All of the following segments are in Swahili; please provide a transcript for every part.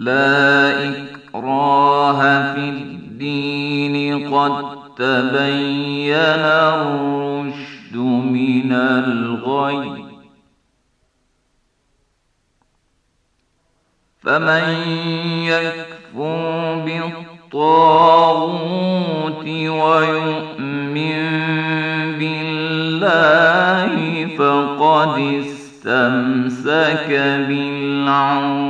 لا إكراه في الدين قد تبين الرشد من الغي فمن يكفر بالطاغوت ويؤمن بالله فقد استمسك بالعروة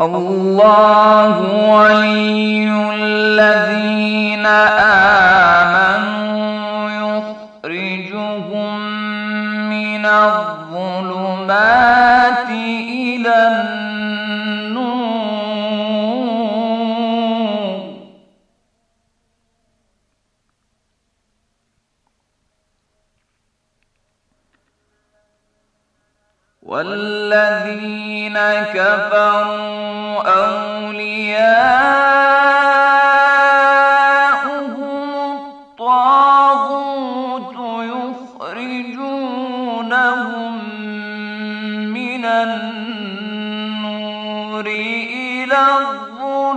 الله ولي الذين آمنوا يخرجهم من الظلمات إلى النور والذين الذين كفروا أولياؤهم الطاغوت يخرجونهم من النور إلى الظلمات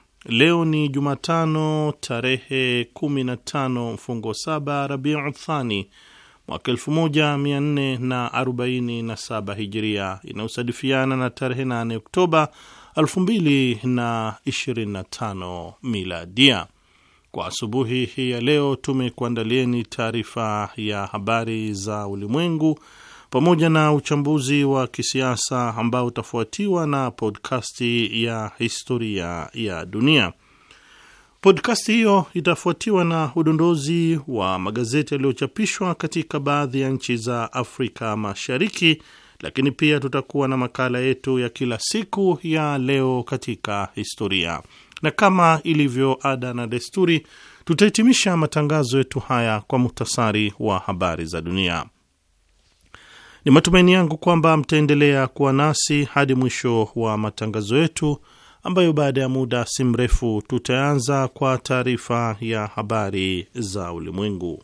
Leo ni Jumatano tarehe 15 mfungo saba Rabiu Thani mwaka 1447 Hijria, inayosadifiana na tarehe 8 Oktoba 2025 Miladia. Kwa asubuhi hii ya leo tumekuandalieni taarifa ya habari za ulimwengu pamoja na uchambuzi wa kisiasa ambao utafuatiwa na podkasti ya historia ya dunia. Podkasti hiyo itafuatiwa na udondozi wa magazeti yaliyochapishwa katika baadhi ya nchi za Afrika Mashariki, lakini pia tutakuwa na makala yetu ya kila siku ya leo katika historia, na kama ilivyo ada na desturi, tutahitimisha matangazo yetu haya kwa muhtasari wa habari za dunia. Ni matumaini yangu kwamba mtaendelea kuwa nasi hadi mwisho wa matangazo yetu, ambayo baada ya muda si mrefu tutaanza kwa taarifa ya habari za ulimwengu.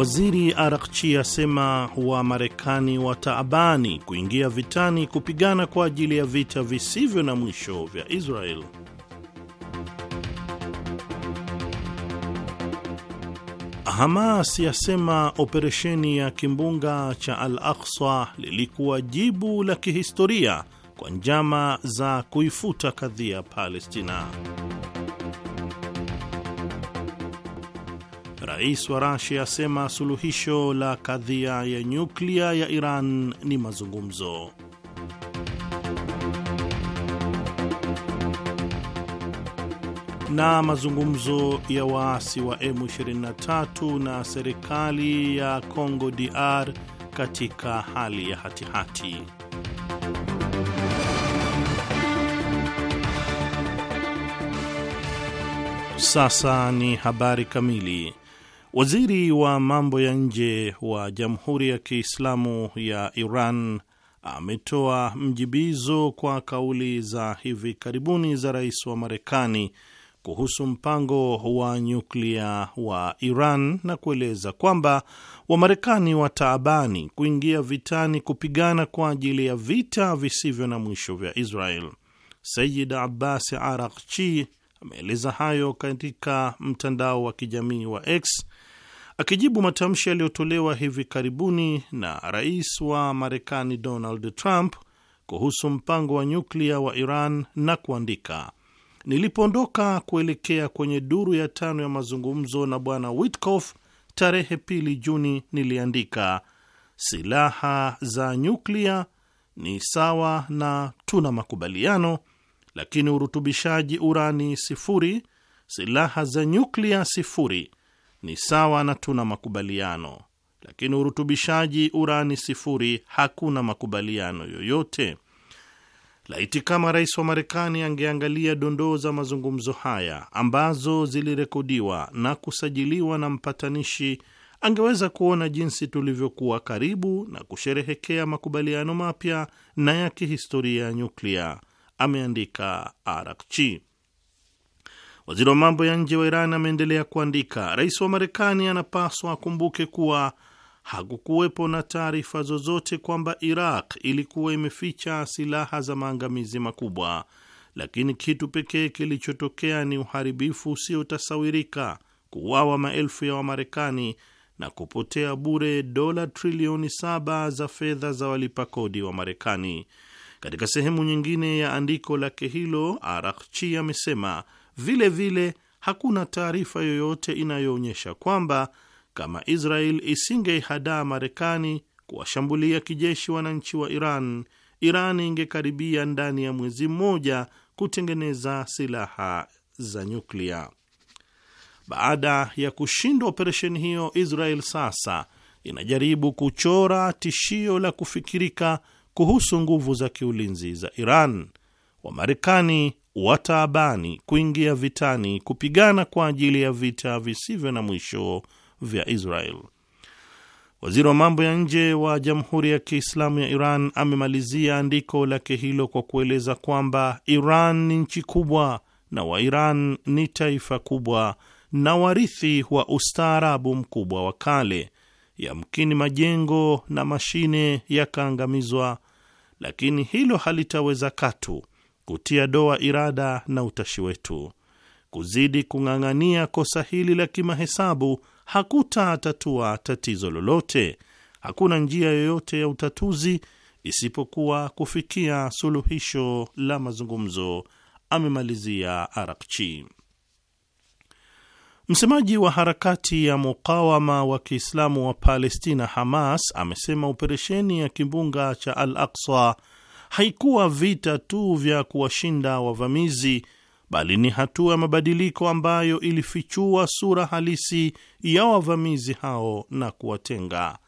Waziri Arakchi asema Wamarekani wataabani kuingia vitani kupigana kwa ajili ya vita visivyo na mwisho vya Israel. Hamas yasema operesheni ya kimbunga cha Al-Aqsa lilikuwa jibu la kihistoria kwa njama za kuifuta kadhia Palestina. Rais wa Rasia asema suluhisho la kadhia ya nyuklia ya Iran ni mazungumzo. Na mazungumzo ya waasi wa M23 na serikali ya Congo DR katika hali ya hatihati Sasa ni habari kamili. Waziri wa mambo ya nje wa Jamhuri ya Kiislamu ya Iran ametoa mjibizo kwa kauli za hivi karibuni za rais wa Marekani kuhusu mpango wa nyuklia wa Iran na kueleza kwamba Wamarekani wataabani kuingia vitani kupigana kwa ajili ya vita visivyo na mwisho vya Israel. Sayid Abbas Arakchi ameeleza hayo katika mtandao wa kijamii wa X Akijibu matamshi yaliyotolewa hivi karibuni na rais wa Marekani Donald Trump kuhusu mpango wa nyuklia wa Iran na kuandika, nilipoondoka kuelekea kwenye duru ya tano ya mazungumzo na bwana Witkoff tarehe pili Juni, niliandika silaha za nyuklia ni sawa na tuna makubaliano, lakini urutubishaji urani sifuri, silaha za nyuklia sifuri ni sawa na tuna makubaliano, lakini urutubishaji urani sifuri hakuna makubaliano yoyote? Laiti kama rais wa Marekani angeangalia dondoo za mazungumzo haya ambazo zilirekodiwa na kusajiliwa na mpatanishi, angeweza kuona jinsi tulivyokuwa karibu na kusherehekea makubaliano mapya na ya kihistoria ya nyuklia, ameandika Arakchi. Waziri wa mambo ya nje wa Iran ameendelea kuandika, rais wa Marekani anapaswa akumbuke kuwa hakukuwepo na taarifa zozote kwamba Iraq ilikuwa imeficha silaha za maangamizi makubwa, lakini kitu pekee kilichotokea ni uharibifu usiotasawirika, kuuawa maelfu ya Wamarekani na kupotea bure dola trilioni saba za fedha za walipa kodi wa Marekani. Katika sehemu nyingine ya andiko lake hilo, Arakchi amesema vile vile hakuna taarifa yoyote inayoonyesha kwamba kama Israel isingeihadaa Marekani kuwashambulia kijeshi wananchi wa Iran, Iran ingekaribia ndani ya mwezi mmoja kutengeneza silaha za nyuklia. Baada ya kushindwa operesheni hiyo, Israel sasa inajaribu kuchora tishio la kufikirika kuhusu nguvu za kiulinzi za Iran. Wamarekani wataabani kuingia vitani kupigana kwa ajili ya vita visivyo na mwisho vya Israel. Waziri wa mambo ya nje wa Jamhuri ya Kiislamu ya Iran amemalizia andiko lake hilo kwa kueleza kwamba Iran ni nchi kubwa na Wairan ni taifa kubwa na warithi wa ustaarabu mkubwa wa kale. Yamkini majengo na mashine yakaangamizwa, lakini hilo halitaweza katu kutia doa irada na utashi wetu. Kuzidi kung'ang'ania kosa hili la kimahesabu hakutatatua tatizo lolote. Hakuna njia yoyote ya utatuzi isipokuwa kufikia suluhisho la mazungumzo, amemalizia Arakchi. Msemaji wa harakati ya mukawama wa Kiislamu wa Palestina, Hamas, amesema operesheni ya kimbunga cha Al Aksa haikuwa vita tu vya kuwashinda wavamizi, bali ni hatua ya mabadiliko ambayo ilifichua sura halisi ya wavamizi hao na kuwatenga.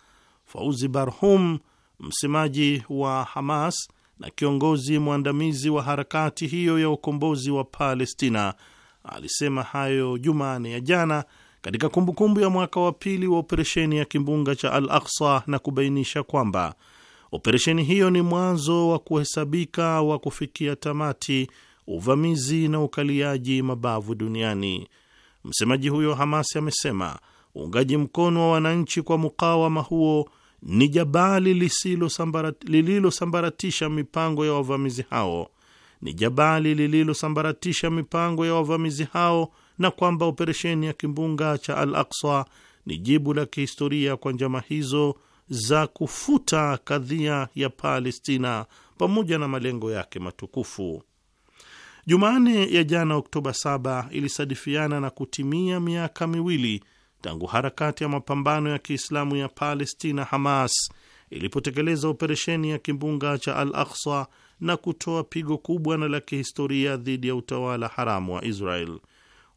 Fauzi Barhum, msemaji wa Hamas na kiongozi mwandamizi wa harakati hiyo ya ukombozi wa Palestina, alisema hayo Jumane ya jana katika kumbukumbu ya mwaka wa pili wa operesheni ya kimbunga cha Al Aksa na kubainisha kwamba Operesheni hiyo ni mwanzo wa kuhesabika wa kufikia tamati uvamizi na ukaliaji mabavu duniani. Msemaji huyo Hamasi amesema uungaji mkono wa wananchi kwa mukawama huo ni jabali lililosambaratisha mipango ya wavamizi hao ni jabali lililosambaratisha mipango ya wavamizi hao, na kwamba operesheni ya kimbunga cha Al Aksa ni jibu la kihistoria kwa njama hizo za kufuta kadhia ya Palestina pamoja na malengo yake matukufu. Jumane ya jana Oktoba 7 ilisadifiana na kutimia miaka miwili tangu harakati ya mapambano ya Kiislamu ya Palestina Hamas ilipotekeleza operesheni ya kimbunga cha Al Aqsa na kutoa pigo kubwa na la kihistoria dhidi ya utawala haramu wa Israel.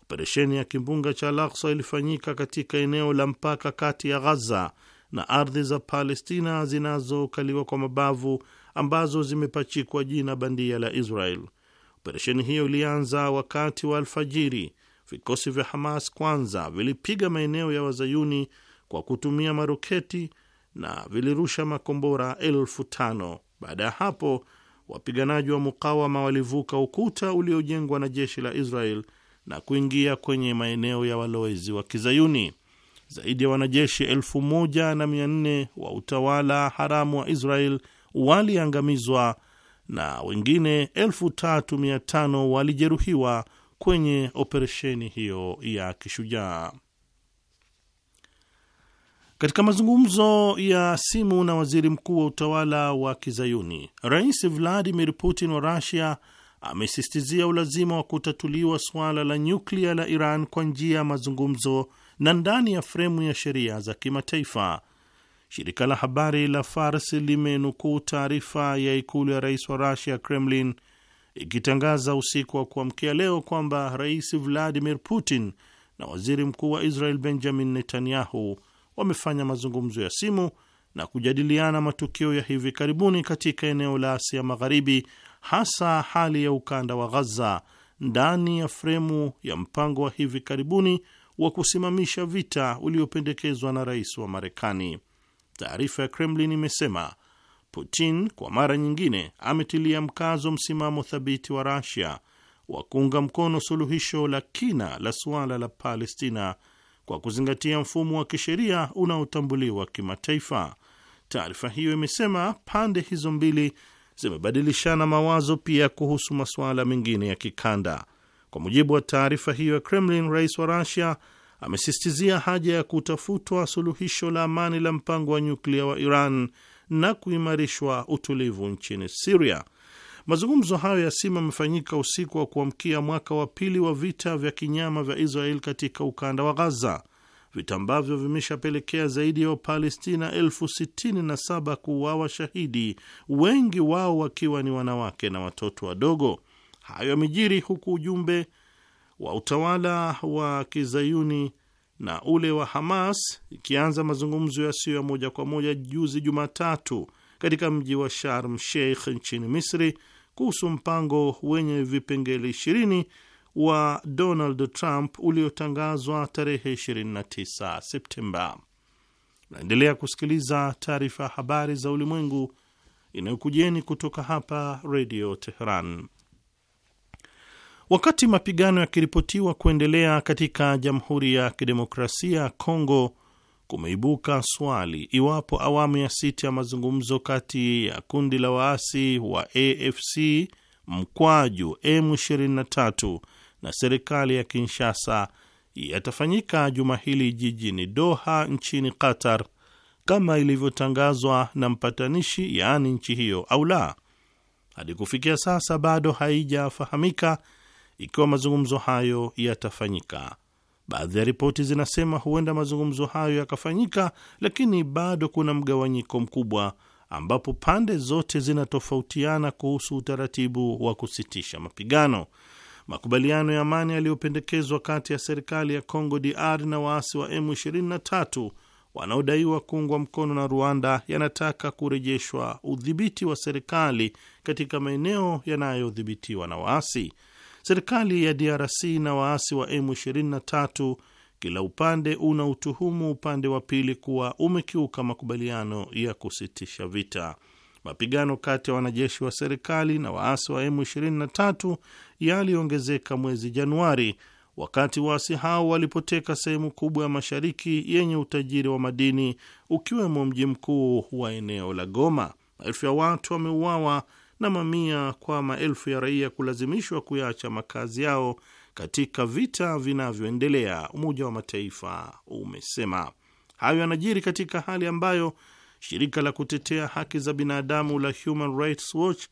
Operesheni ya kimbunga cha Al Aqsa ilifanyika katika eneo la mpaka kati ya Ghaza na ardhi za Palestina zinazokaliwa kwa mabavu ambazo zimepachikwa jina bandia la Israel. Operesheni hiyo ilianza wakati wa alfajiri. Vikosi vya Hamas kwanza vilipiga maeneo ya wazayuni kwa kutumia maroketi na vilirusha makombora elfu tano. Baada ya hapo, wapiganaji wa mukawama walivuka ukuta uliojengwa na jeshi la Israel na kuingia kwenye maeneo ya walowezi wa kizayuni zaidi ya wanajeshi elfu moja na mia nne wa utawala haramu wa Israel waliangamizwa na wengine elfu tatu mia tano walijeruhiwa kwenye operesheni hiyo ya kishujaa. Katika mazungumzo ya simu na waziri mkuu wa utawala wa Kizayuni, Rais Vladimir Putin wa rasia amesistizia ulazima wa kutatuliwa suala la nyuklia la Iran kwa njia ya mazungumzo na ndani ya fremu ya sheria za kimataifa. Shirika la habari la Fars limenukuu taarifa ya ikulu ya rais wa Rusia, Kremlin, ikitangaza usiku wa kuamkia leo kwamba Rais Vladimir Putin na waziri mkuu wa Israel Benjamin Netanyahu wamefanya mazungumzo ya simu na kujadiliana matukio ya hivi karibuni katika eneo la Asia Magharibi, hasa hali ya ukanda wa Ghaza ndani ya fremu ya mpango wa hivi karibuni wa kusimamisha vita uliopendekezwa na rais wa Marekani. Taarifa ya Kremlin imesema Putin kwa mara nyingine ametilia mkazo msimamo thabiti wa Rasia wa kuunga mkono suluhisho la kina la suala la Palestina kwa kuzingatia mfumo wa kisheria unaotambuliwa kimataifa. Taarifa hiyo imesema pande hizo mbili zimebadilishana mawazo pia kuhusu masuala mengine ya kikanda. Kwa mujibu wa taarifa hiyo ya Kremlin, rais wa Rusia amesistizia haja ya kutafutwa suluhisho la amani la mpango wa nyuklia wa Iran na kuimarishwa utulivu nchini Siria. Mazungumzo hayo ya simu yamefanyika usiku wa kuamkia mwaka wa pili wa vita vya kinyama vya Israel katika ukanda wa Ghaza, vita ambavyo vimeshapelekea zaidi ya Wapalestina elfu sitini na saba kuuawa shahidi, wengi wao wakiwa ni wanawake na watoto wadogo. Hayo yamejiri huku ujumbe wa utawala wa kizayuni na ule wa Hamas ikianza mazungumzo yasiyo ya moja kwa moja juzi Jumatatu katika mji wa Sharm Sheikh nchini Misri kuhusu mpango wenye vipengele 20 wa Donald Trump uliotangazwa tarehe 29 Septemba. Naendelea kusikiliza taarifa ya habari za ulimwengu inayokujeni kutoka hapa Redio Teheran. Wakati mapigano yakiripotiwa kuendelea katika Jamhuri ya Kidemokrasia ya Kongo, kumeibuka swali iwapo awamu ya sita ya mazungumzo kati ya kundi la waasi wa AFC mkwaju M23 na serikali ya Kinshasa yatafanyika juma hili jijini Doha nchini Qatar kama ilivyotangazwa na mpatanishi, yaani nchi hiyo au la. Hadi kufikia sasa bado haijafahamika ikiwa mazungumzo hayo yatafanyika. Baadhi ya ripoti zinasema huenda mazungumzo hayo yakafanyika, lakini bado kuna mgawanyiko mkubwa, ambapo pande zote zinatofautiana kuhusu utaratibu wa kusitisha mapigano. Makubaliano ya amani yaliyopendekezwa kati ya serikali ya Congo DR na waasi wa M23 wanaodaiwa kuungwa mkono na Rwanda yanataka kurejeshwa udhibiti wa serikali katika maeneo yanayodhibitiwa na waasi. Serikali ya DRC na waasi wa M23 kila upande una utuhumu upande wa pili kuwa umekiuka makubaliano ya kusitisha vita. Mapigano kati ya wanajeshi wa serikali na waasi wa M23 yaliongezeka mwezi Januari wakati waasi hao walipoteka sehemu kubwa ya mashariki yenye utajiri wa madini ukiwemo mji mkuu wa eneo la Goma. Maelfu ya watu wameuawa na mamia kwa maelfu ya raia kulazimishwa kuyaacha makazi yao katika vita vinavyoendelea, Umoja wa Mataifa umesema. Hayo yanajiri katika hali ambayo shirika la kutetea haki za binadamu la Human Rights Watch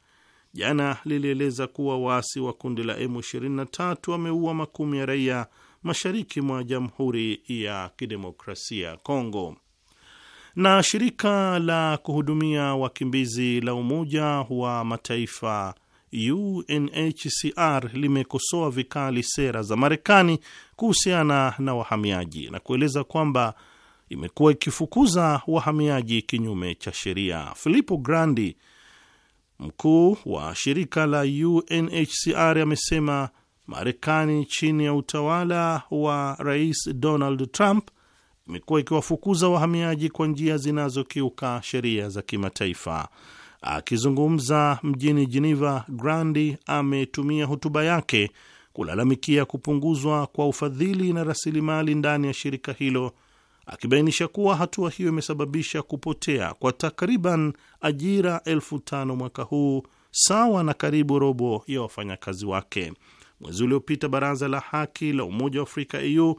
jana lilieleza kuwa waasi wa kundi la M23 wameua makumi ya raia mashariki mwa Jamhuri ya Kidemokrasia ya Kongo na shirika la kuhudumia wakimbizi la Umoja wa Mataifa UNHCR limekosoa vikali sera za Marekani kuhusiana na wahamiaji na kueleza kwamba imekuwa ikifukuza wahamiaji kinyume cha sheria. Filippo Grandi, mkuu wa shirika la UNHCR, amesema Marekani chini ya utawala wa Rais Donald Trump imekuwa ikiwafukuza wahamiaji kwa njia zinazokiuka sheria za kimataifa. Akizungumza mjini Geneva, Grandi ametumia hotuba yake kulalamikia kupunguzwa kwa ufadhili na rasilimali ndani ya shirika hilo, akibainisha kuwa hatua hiyo imesababisha kupotea kwa takriban ajira elfu tano mwaka huu, sawa na karibu robo ya wafanyakazi wake. Mwezi uliopita baraza la haki la Umoja wa Afrika, EU,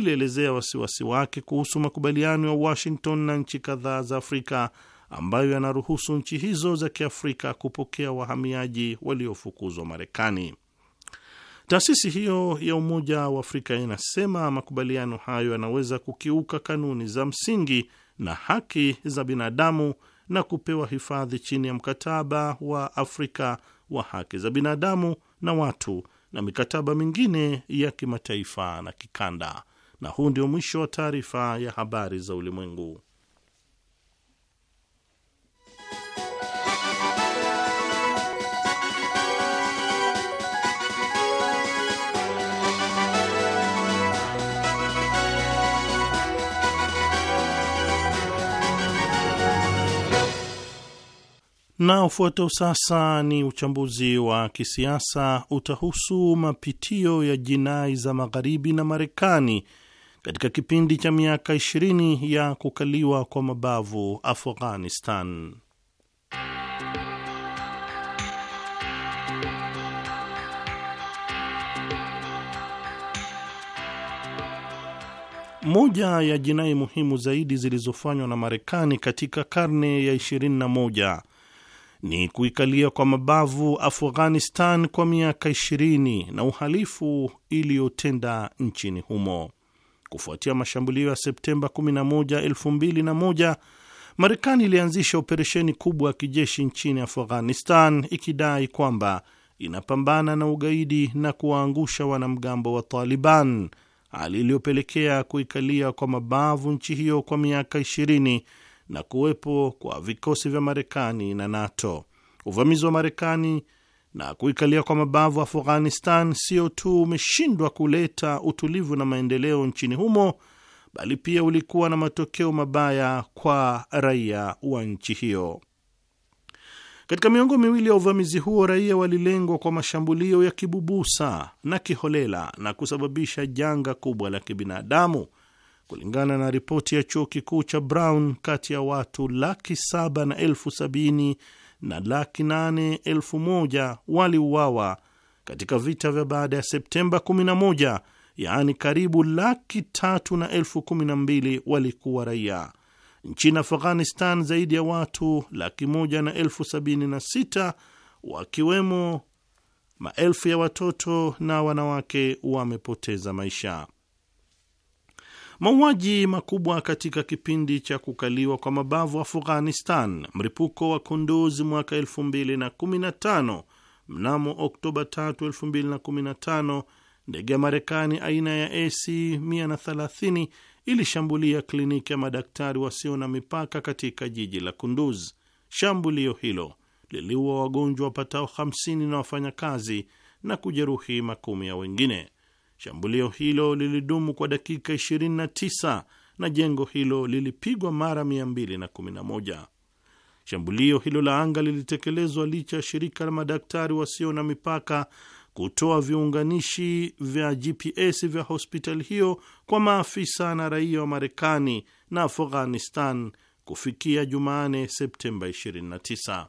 lilielezea wasiwasi wake kuhusu makubaliano ya Washington na nchi kadhaa za Afrika ambayo yanaruhusu nchi hizo za Kiafrika kupokea wahamiaji waliofukuzwa Marekani. Taasisi hiyo ya Umoja wa Afrika inasema makubaliano hayo yanaweza kukiuka kanuni za msingi na haki za binadamu na kupewa hifadhi chini ya mkataba wa Afrika wa haki za binadamu na watu na mikataba mingine ya kimataifa na kikanda. Na huu ndio mwisho wa taarifa ya habari za ulimwengu. Na ufuatao sasa ni uchambuzi wa kisiasa utahusu mapitio ya jinai za Magharibi na Marekani katika kipindi cha miaka 20 ya kukaliwa kwa mabavu Afghanistan. Moja ya jinai muhimu zaidi zilizofanywa na Marekani katika karne ya 21 ni kuikalia kwa mabavu Afghanistan kwa miaka 20 na uhalifu iliyotenda nchini humo kufuatia mashambulio ya Septemba 11, 2001, Marekani ilianzisha operesheni kubwa ya kijeshi nchini Afghanistan ikidai kwamba inapambana na ugaidi na kuwaangusha wanamgambo wa Taliban, hali iliyopelekea kuikalia kwa mabavu nchi hiyo kwa miaka 20 na kuwepo kwa vikosi vya Marekani na NATO. Uvamizi wa Marekani na kuikalia kwa mabavu Afghanistan sio tu umeshindwa kuleta utulivu na maendeleo nchini humo, bali pia ulikuwa na matokeo mabaya kwa raia wa nchi hiyo. Katika miongo miwili ya uvamizi huo, raia walilengwa kwa mashambulio ya kibubusa na kiholela na kusababisha janga kubwa la kibinadamu. Kulingana na ripoti ya chuo kikuu cha Brown, kati ya watu laki saba na elfu sabini na laki nane elfu moja waliuawa katika vita vya baada ya Septemba 11, yaani karibu laki tatu na elfu kumi na mbili walikuwa raia. Nchini Afghanistan zaidi ya watu laki moja na elfu sabini na sita wakiwemo maelfu ya watoto na wanawake wamepoteza maisha. Mauaji makubwa katika kipindi cha kukaliwa kwa mabavu Afghanistan, mripuko wa Kunduz mwaka 2015. Mnamo Oktoba 3, 2015, ndege ya Marekani aina ya AC130 ilishambulia kliniki ya madaktari wasio na mipaka katika jiji la Kunduz. Shambulio hilo liliua wagonjwa wapatao 50 na wafanyakazi na kujeruhi makumi ya wengine. Shambulio hilo lilidumu kwa dakika 29 na jengo hilo lilipigwa mara 211. Shambulio hilo la anga lilitekelezwa licha ya shirika la madaktari wasio na mipaka kutoa viunganishi vya GPS vya hospitali hiyo kwa maafisa na raia wa Marekani na Afghanistan kufikia Jumane, Septemba 29.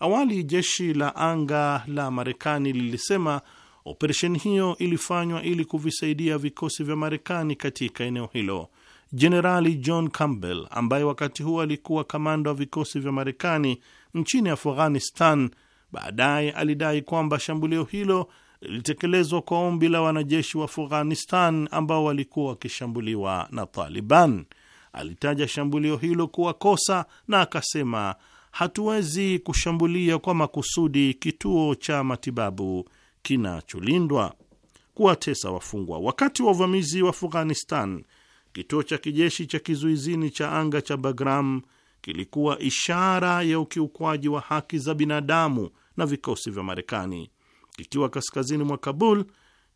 Awali jeshi la anga la Marekani lilisema Operesheni hiyo ilifanywa ili kuvisaidia vikosi vya Marekani katika eneo hilo. Jenerali John Campbell ambaye wakati huo alikuwa kamanda wa vikosi vya Marekani nchini Afghanistan, baadaye alidai kwamba shambulio hilo lilitekelezwa kwa ombi la wanajeshi wa Afghanistan ambao walikuwa wakishambuliwa na Taliban. Alitaja shambulio hilo kuwa kosa na akasema, hatuwezi kushambulia kwa makusudi kituo cha matibabu kinacholindwa, kuwatesa wafungwa. Wakati wa uvamizi wa Afghanistan, kituo cha kijeshi cha kizuizini cha anga cha Bagram kilikuwa ishara ya ukiukwaji wa haki za binadamu na vikosi vya Marekani. Kikiwa kaskazini mwa Kabul,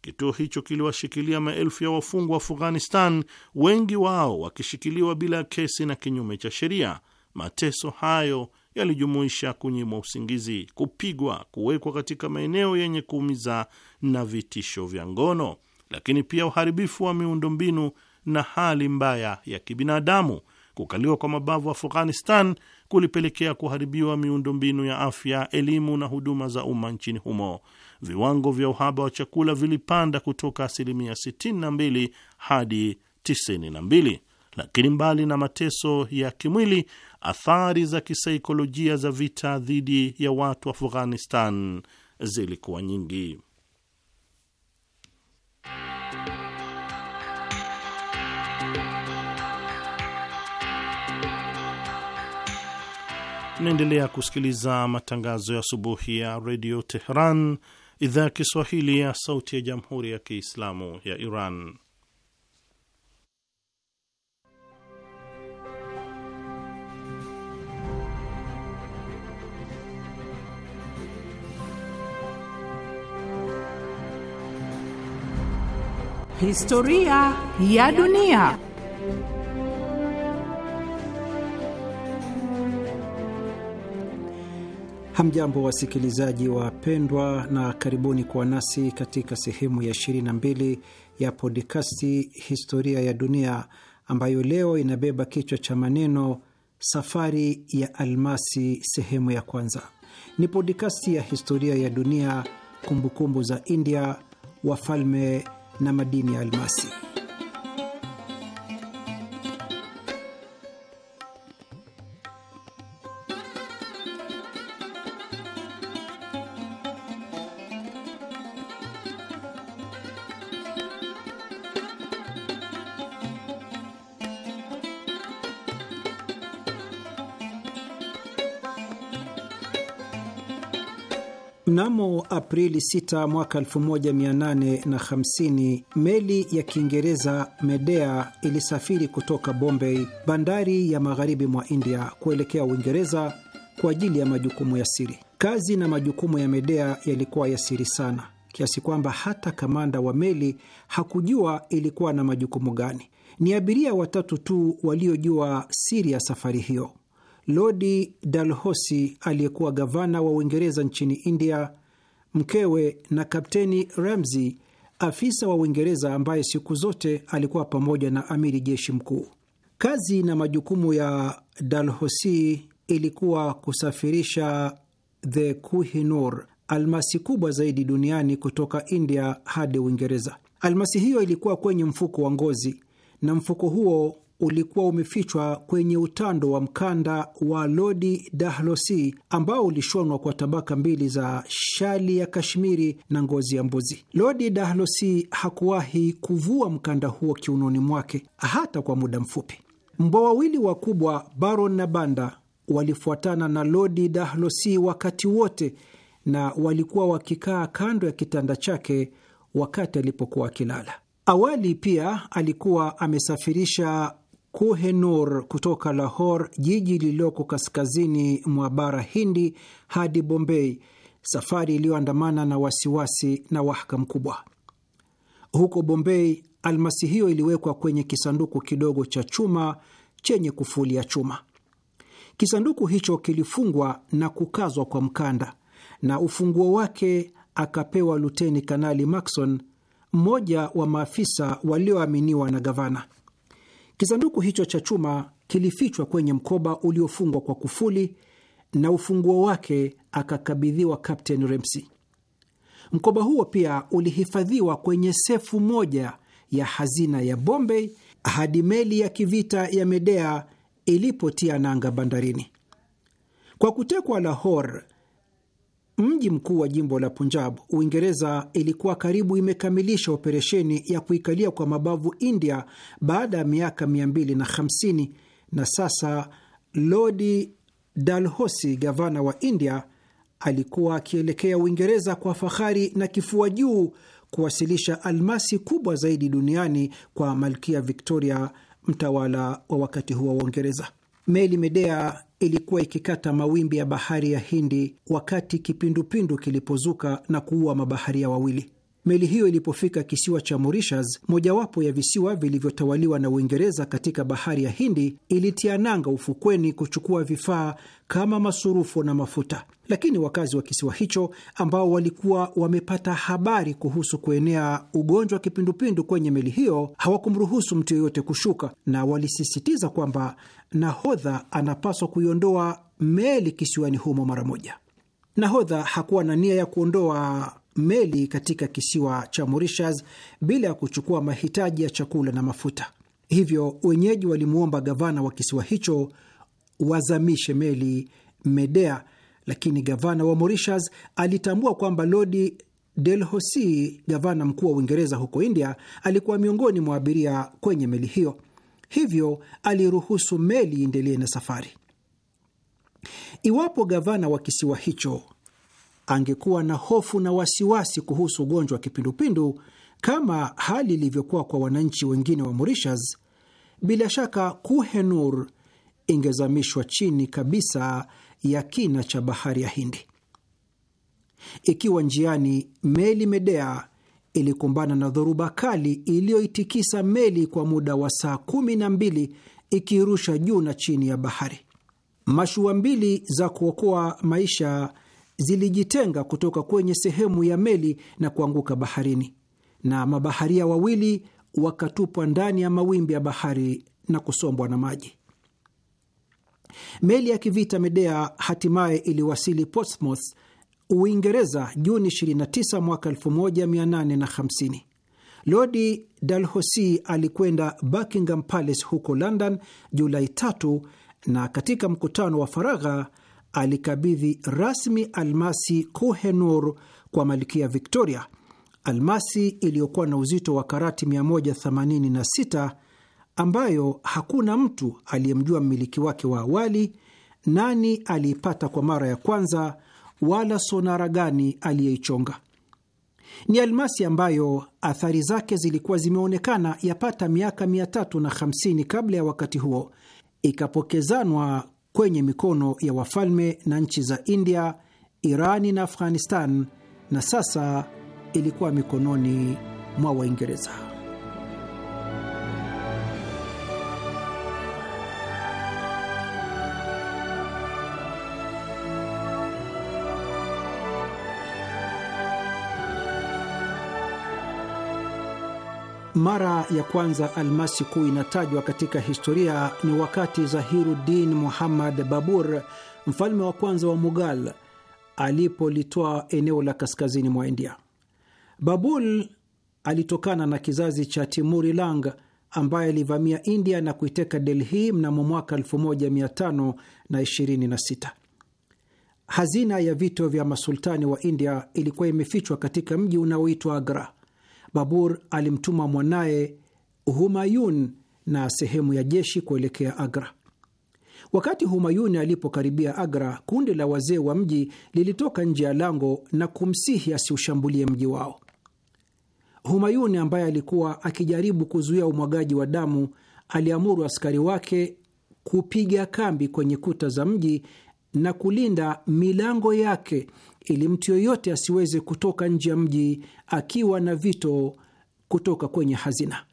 kituo hicho kiliwashikilia maelfu ya wafungwa wa Afghanistan, wengi wao wakishikiliwa bila kesi na kinyume cha sheria. Mateso hayo yalijumuisha kunyimwa usingizi, kupigwa, kuwekwa katika maeneo yenye kuumiza na vitisho vya ngono, lakini pia uharibifu wa miundombinu na hali mbaya ya kibinadamu. Kukaliwa kwa mabavu Afghanistan kulipelekea kuharibiwa miundombinu ya afya, elimu na huduma za umma nchini humo. Viwango vya uhaba wa chakula vilipanda kutoka asilimia 62 hadi 92. Lakini mbali na mateso ya kimwili, athari za kisaikolojia za vita dhidi ya watu wa Afghanistan zilikuwa nyingi. Naendelea kusikiliza matangazo ya asubuhi ya redio Teheran, idhaa ya Kiswahili ya sauti ya jamhuri ya kiislamu ya Iran. Historia ya dunia. Hamjambo wasikilizaji wapendwa, na karibuni kuwa nasi katika sehemu ya 22 ya podkasti Historia ya Dunia, ambayo leo inabeba kichwa cha maneno Safari ya Almasi, sehemu ya kwanza. Ni podkasti ya historia ya dunia, kumbukumbu kumbu za India, wafalme na madini ya almasi. Aprili 6 mwaka 1850 meli ya Kiingereza Medea ilisafiri kutoka Bombay, bandari ya magharibi mwa India, kuelekea Uingereza kwa ajili ya majukumu ya siri. Kazi na majukumu ya Medea yalikuwa ya siri sana kiasi kwamba hata kamanda wa meli hakujua ilikuwa na majukumu gani. Ni abiria watatu tu waliojua siri ya safari hiyo: Lodi Dalhosi aliyekuwa gavana wa Uingereza nchini India, mkewe na Kapteni Ramsey, afisa wa Uingereza ambaye siku zote alikuwa pamoja na amiri jeshi mkuu. Kazi na majukumu ya Dalhousie ilikuwa kusafirisha the Kuhinor, almasi kubwa zaidi duniani kutoka India hadi Uingereza. Almasi hiyo ilikuwa kwenye mfuko wa ngozi na mfuko huo ulikuwa umefichwa kwenye utando wa mkanda wa lodi dahlosi ambao ulishonwa kwa tabaka mbili za shali ya Kashmiri na ngozi ya mbuzi. Lodi dahlosi hakuwahi kuvua mkanda huo kiunoni mwake hata kwa muda mfupi. Mbwa wawili wakubwa Baron na Banda walifuatana na Lodi Dahlosi wakati wote na walikuwa wakikaa kando ya kitanda chake wakati alipokuwa akilala. Awali pia alikuwa amesafirisha koh kutoka Lahore, jiji lililoko kaskazini mwa bara Hindi, hadi bombei safari iliyoandamana na wasiwasi na wahaka mkubwa. Huko bombei almasi hiyo iliwekwa kwenye kisanduku kidogo cha chuma chenye kufuli ya chuma. Kisanduku hicho kilifungwa na kukazwa kwa mkanda, na ufunguo wake akapewa Luteni Kanali Maxon, mmoja wa maafisa walioaminiwa na gavana. Kisanduku hicho cha chuma kilifichwa kwenye mkoba uliofungwa kwa kufuli na ufunguo wake akakabidhiwa Captain Ramsey. Mkoba huo pia ulihifadhiwa kwenye sefu moja ya hazina ya Bombay hadi meli ya kivita ya Medea ilipotia nanga bandarini. Kwa kutekwa Lahore, Mji mkuu wa jimbo la Punjab, Uingereza ilikuwa karibu imekamilisha operesheni ya kuikalia kwa mabavu India baada ya miaka 250 na sasa Lodi Dalhosi, gavana wa India, alikuwa akielekea Uingereza kwa fahari na kifua juu kuwasilisha almasi kubwa zaidi duniani kwa malkia Victoria, mtawala wa wakati huo wa Uingereza. Meli Medea ilikuwa ikikata mawimbi ya bahari ya Hindi wakati kipindupindu kilipozuka na kuua mabaharia wawili. Meli hiyo ilipofika kisiwa cha Morishas, mojawapo ya visiwa vilivyotawaliwa na Uingereza katika bahari ya Hindi, ilitia nanga ufukweni kuchukua vifaa kama masurufu na mafuta. Lakini wakazi wa kisiwa hicho ambao walikuwa wamepata habari kuhusu kuenea ugonjwa wa kipindupindu kwenye meli hiyo hawakumruhusu mtu yoyote kushuka, na walisisitiza kwamba nahodha anapaswa kuiondoa meli kisiwani humo mara moja. Nahodha hakuwa na nia ya kuondoa meli katika kisiwa cha Mauritius bila ya kuchukua mahitaji ya chakula na mafuta. Hivyo wenyeji walimwomba gavana wa kisiwa hicho wazamishe meli Medea, lakini gavana wa Mauritius alitambua kwamba Lodi Delhosi, gavana mkuu wa Uingereza huko India, alikuwa miongoni mwa abiria kwenye meli hiyo hivyo aliruhusu meli iendelee na safari. Iwapo gavana wa kisiwa hicho angekuwa na hofu na wasiwasi kuhusu ugonjwa wa kipindupindu kama hali ilivyokuwa kwa wananchi wengine wa Mauritius, bila shaka Kuhenur ingezamishwa chini kabisa ya kina cha bahari ya Hindi. Ikiwa njiani, meli Medea ilikumbana na dhoruba kali iliyoitikisa meli kwa muda wa saa kumi na mbili ikirusha juu na chini ya bahari. Mashua mbili za kuokoa maisha zilijitenga kutoka kwenye sehemu ya meli na kuanguka baharini, na mabaharia wawili wakatupwa ndani ya mawimbi ya bahari na kusombwa na maji. Meli ya kivita Medea hatimaye iliwasili Portsmouth Uingereza, Juni 29 mwaka 1850. Lodi Dalhousie alikwenda Buckingham Palace huko London Julai 3 na katika mkutano wa faragha alikabidhi rasmi almasi Kohinoor kwa Malkia Victoria, almasi iliyokuwa na uzito wa karati 186 ambayo hakuna mtu aliyemjua mmiliki wake wa awali, nani aliipata kwa mara ya kwanza wala sonara gani aliyeichonga. Ni almasi ambayo athari zake zilikuwa zimeonekana yapata miaka 350 kabla ya wakati huo, ikapokezanwa kwenye mikono ya wafalme na nchi za India, Irani na Afghanistan, na sasa ilikuwa mikononi mwa Waingereza. Mara ya kwanza almasi kuu inatajwa katika historia ni wakati Zahiruddin Muhammad Babur, mfalme wa kwanza wa Mughal, alipolitoa eneo la kaskazini mwa India. Babur alitokana na kizazi cha Timuri Lang ambaye alivamia India na kuiteka Delhi mnamo mwaka 1526. Hazina ya vito vya masultani wa India ilikuwa imefichwa katika mji unaoitwa Agra. Babur alimtuma mwanaye Humayun na sehemu ya jeshi kuelekea Agra. Wakati Humayuni alipokaribia Agra, kundi la wazee wa mji lilitoka nje ya lango na kumsihi asiushambulie mji wao. Humayuni ambaye alikuwa akijaribu kuzuia umwagaji wa damu, aliamuru askari wake kupiga kambi kwenye kuta za mji na kulinda milango yake ili mtu yoyote asiweze kutoka nje ya mji akiwa na vito kutoka kwenye hazina.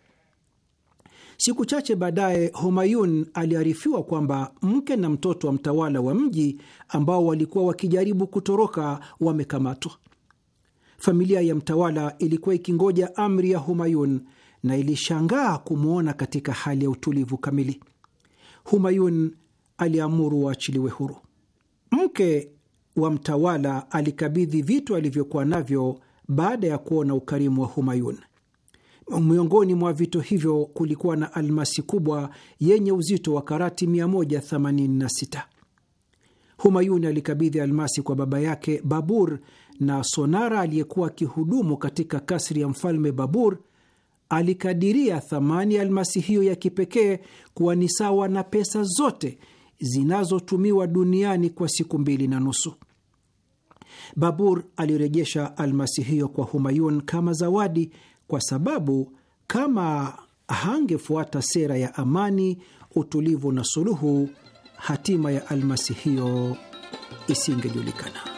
Siku chache baadaye, Homayun aliarifiwa kwamba mke na mtoto wa mtawala wa mji ambao walikuwa wakijaribu kutoroka wamekamatwa. Familia ya mtawala ilikuwa ikingoja amri ya Humayun na ilishangaa kumwona katika hali ya utulivu kamili. Humayun aliamuru waachiliwe huru. Mke wa mtawala alikabidhi vitu alivyokuwa navyo baada ya kuona ukarimu wa Humayun. Miongoni mwa vitu hivyo kulikuwa na almasi kubwa yenye uzito wa karati 186. Humayun alikabidhi almasi kwa baba yake Babur, na sonara aliyekuwa akihudumu katika kasri ya mfalme Babur alikadiria thamani ya almasi hiyo ya kipekee kuwa ni sawa na pesa zote zinazotumiwa duniani kwa siku mbili na nusu. Babur alirejesha almasi hiyo kwa Humayun kama zawadi, kwa sababu kama hangefuata sera ya amani, utulivu na suluhu, hatima ya almasi hiyo isingejulikana.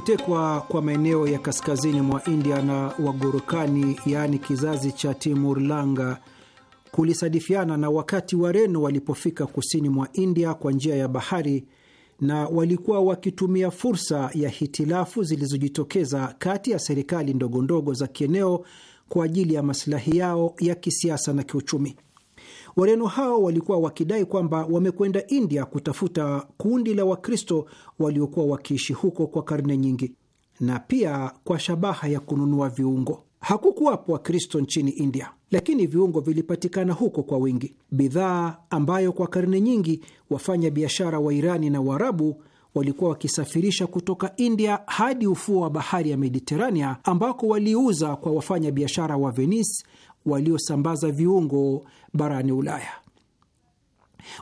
Kutekwa kwa maeneo ya kaskazini mwa India na Wagorokani, yaani kizazi cha Timur Langa, kulisadifiana na wakati Wareno walipofika kusini mwa India kwa njia ya bahari, na walikuwa wakitumia fursa ya hitilafu zilizojitokeza kati ya serikali ndogo ndogo za kieneo kwa ajili ya masilahi yao ya kisiasa na kiuchumi. Wareno hao walikuwa wakidai kwamba wamekwenda India kutafuta kundi la Wakristo waliokuwa wakiishi huko kwa karne nyingi na pia kwa shabaha ya kununua viungo. Hakukuwapo Wakristo nchini India, lakini viungo vilipatikana huko kwa wingi, bidhaa ambayo kwa karne nyingi wafanya biashara wa Irani na Waarabu walikuwa wakisafirisha kutoka India hadi ufuo wa bahari ya Mediterania ambako waliuza kwa wafanya biashara wa Venice waliosambaza viungo barani Ulaya.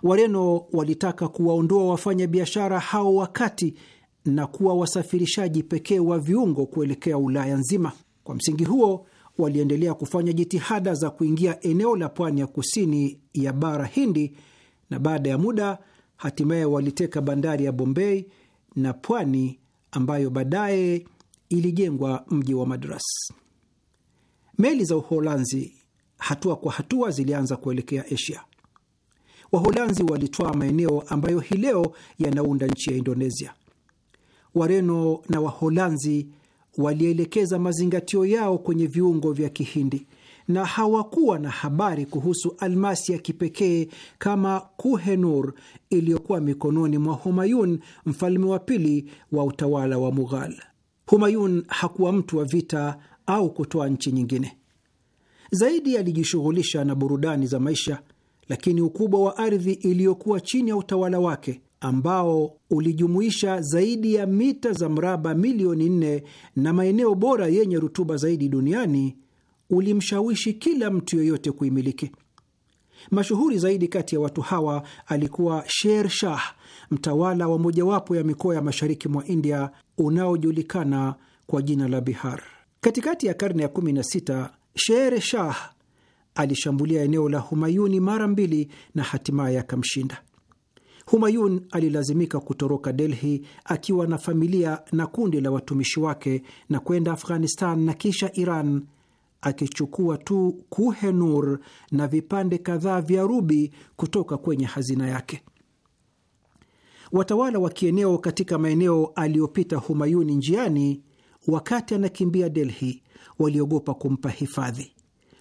Wareno walitaka kuwaondoa wafanyabiashara hao wakati na kuwa wasafirishaji pekee wa viungo kuelekea Ulaya nzima. Kwa msingi huo, waliendelea kufanya jitihada za kuingia eneo la pwani ya kusini ya bara Hindi, na baada ya muda hatimaye waliteka bandari ya bombei na pwani ambayo baadaye ilijengwa mji wa Madras. Meli za Uholanzi hatua kwa hatua zilianza kuelekea Asia. Waholanzi walitwaa maeneo ambayo hii leo yanaunda nchi ya Indonesia. Wareno na Waholanzi walielekeza mazingatio yao kwenye viungo vya Kihindi na hawakuwa na habari kuhusu almasi ya kipekee kama Kuhenur iliyokuwa mikononi mwa Humayun, mfalme wa pili wa utawala wa Mughal. Humayun hakuwa mtu wa vita au kutoa nchi nyingine. Zaidi alijishughulisha na burudani za maisha, lakini ukubwa wa ardhi iliyokuwa chini ya utawala wake ambao ulijumuisha zaidi ya mita za mraba milioni nne na maeneo bora yenye rutuba zaidi duniani ulimshawishi kila mtu yoyote kuimiliki. Mashuhuri zaidi kati ya watu hawa alikuwa Sher Shah, mtawala wa mojawapo ya mikoa ya mashariki mwa India unaojulikana kwa jina la Bihar. Katikati ya karne ya sita Shere Shah alishambulia eneo la Humayuni mara mbili na hatimaye akamshinda. Humayun alilazimika kutoroka Delhi akiwa na familia na kundi la watumishi wake na kwenda Afghanistan na kisha Iran, akichukua tu Kuhenur na vipande kadhaa vya rubi kutoka kwenye hazina yake. Watawala wa kieneo katika maeneo aliyopita Humayuni njiani, wakati anakimbia Delhi, waliogopa kumpa hifadhi.